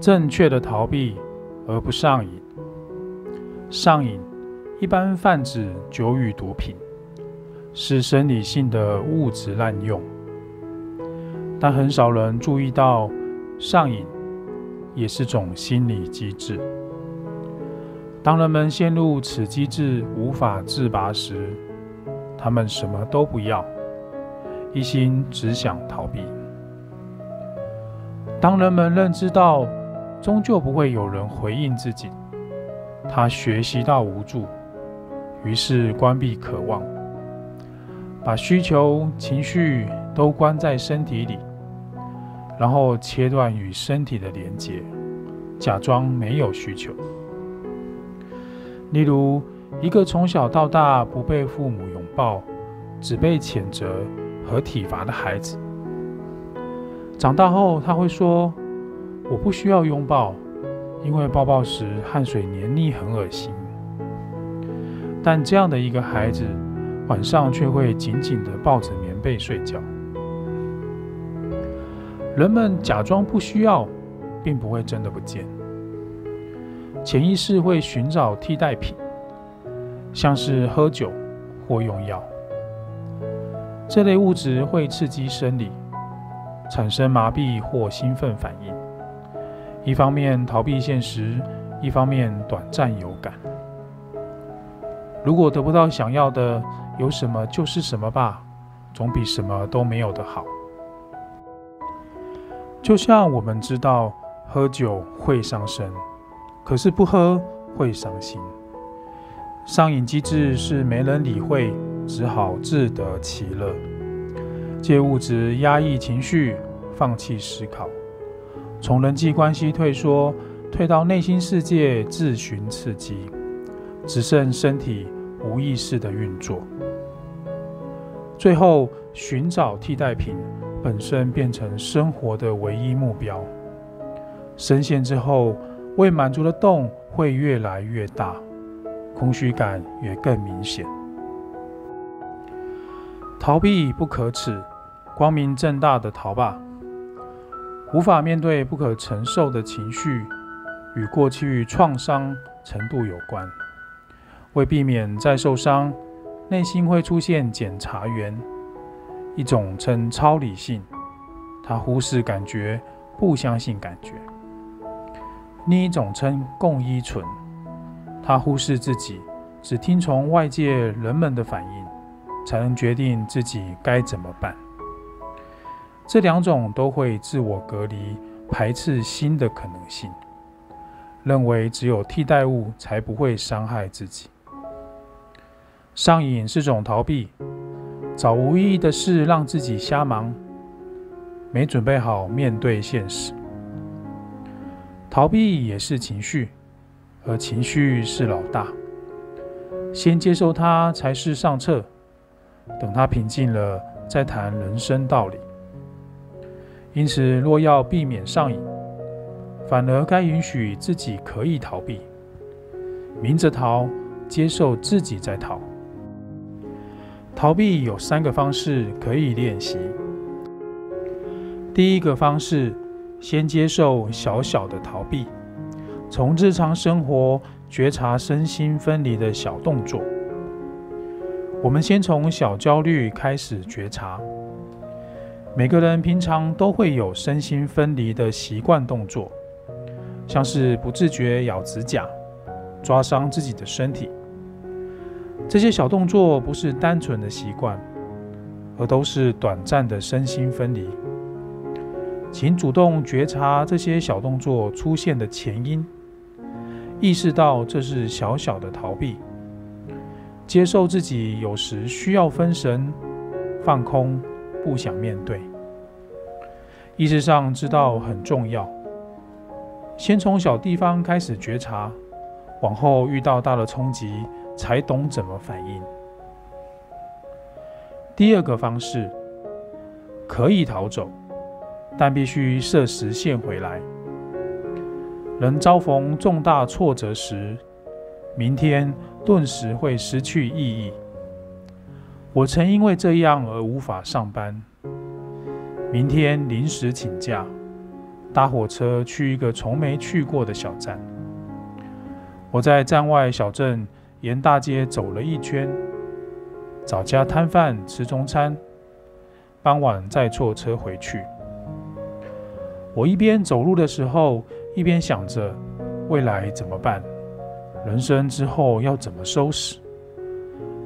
正確的逃避，而不上癮。上癮一般泛指酒與毒品，是生理性的物質濫用。但很少人注意到，上癮也是種心理機制。當人們陷入此機制無法自拔時，他們什麼都不要，一心只想逃避。當人們認知到，終究不會有人回應自己，他學習到無助，於是關閉渴望，把需求、情緒都關在身體裡，然後切斷與身體的連結，假裝沒有需求。例如，一個從小到大不被父母擁抱，只被譴責和體罰的孩子。長大後，他會說：“我不需要擁抱，因為抱抱時汗水黏膩，很噁心。”但這樣的一個孩子，晚上卻會緊緊地抱着棉被睡覺。人們假裝不需要，並不會真的不見，潛意識會尋找替代品，像是喝酒或用藥。這類物質會刺激生理。產生麻痹或興奮反應，一方面逃避現實，一方面短暫有感。如果得不到想要的，有什麼就是什麼吧，總比什麼都沒有的好。就像我們知道喝酒會傷身，可是不喝會傷心。上癮機制，是沒人理會，只好自得其樂。借物質壓抑情緒，放棄思考，從人際關係退縮，退到內心世界自尋刺激，只剩身體無意識的運作，最後尋找替代品，本身變成生活的唯一目標。深陷之後，未滿足的洞會越來越大，空虛感也更明顯。逃避不可恥。光明正大的逃吧，無法面對不可承受的情緒，與過去創傷程度有關。為避免再受傷，內心會出現檢查員，一種稱超理性，他忽視感覺，不相信感覺；另一種稱共依存，他忽視自己，只聽從外界人們的反應，才能決定自己該怎麼辦。這兩種都會自我隔離、排斥新的可能性，認為只有替代物才不會傷害自己。上癮是種逃避，找無意義的事讓自己瞎忙，沒準備好面對現實。逃避也是情緒，而情緒是老大，先接受它才是上策。等它平靜了，再談人生道理。因此，若要避免上癮，反而該允許自己可以逃避，明着逃，接受自己在逃。逃避有三個方式可以練習。第一個方式，先接受小小的逃避，從日常生活覺察身心分離的小動作。我們先從小焦慮開始覺察。每個人平常都會有身心分離的習慣動作，像是不自覺咬指甲、抓傷自己的身體。這些小動作不是單純的習慣，而都是短暫的身心分離。請主動覺察這些小動作出現的前因，意識到這是小小的逃避，接受自己有時需要分神、放空。不想面對，意識上知道很重要。先從小地方開始覺察，往後遇到大的衝擊才懂怎麼反應。第二個方式可以逃走，但必須設時限回來。人遭逢重大挫折時，明天頓時會失去意義。我曾因為這樣而無法上班，明天臨時請假，搭火車去一個從沒去過的小站。我在站外小鎮沿大街走了一圈，找家攤販吃中餐，傍晚再坐車回去。我一邊走路的時候，一邊想着未來怎麼辦，人生之後要怎麼收拾。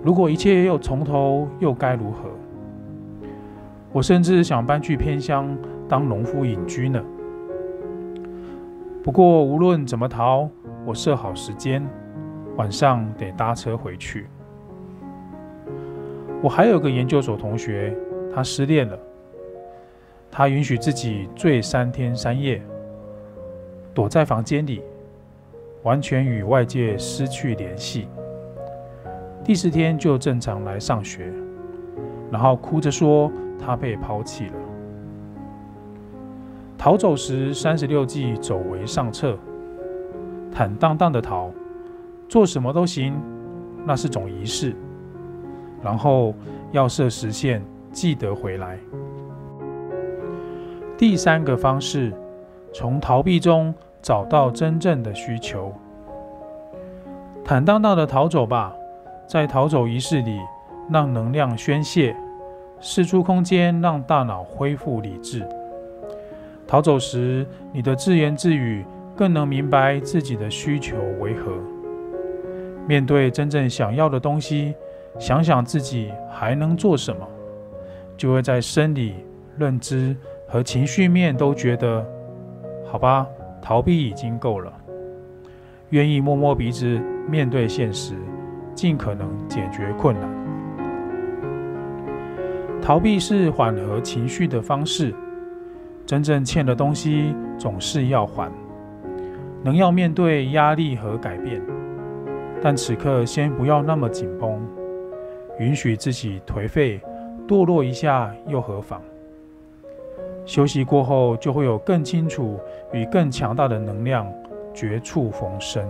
如果一切又從頭，又該如何？我甚至想搬去偏鄉當農夫隱居呢。不過無論怎麼逃，我設好時間，晚上得搭車回去。我還有個研究所同學，他失戀了，他允許自己醉三天三夜，躲在房間裡，完全與外界失去聯繫。第四天就正常來上學，然後哭着說他被拋棄了。逃走時三十六計走為上策，坦荡荡的逃，做什麼都行，那是種儀式。然後要設時限，記得回來。第三個方式，從逃避中找到真正的需求，坦蕩蕩的逃走吧。在逃走儀式裡，讓能量宣洩，釋出空間，讓大腦恢復理智。逃走時，你的自言自語更能明白自己的需求為何。面對真正想要的東西，想想自己還能做什麼，就會在生理、認知和情緒面都覺得，好吧，逃避已經夠了，願意摸摸鼻子面對現實。盡可能解決困難。逃避是緩和情緒的方式。真正欠的東西總是要還。能要面對壓力和改變，但此刻先不要那麼緊繃。允許自己頹廢、墮落一下又何妨？休息過後就會有更清楚與更強大的能量，絕處逢生。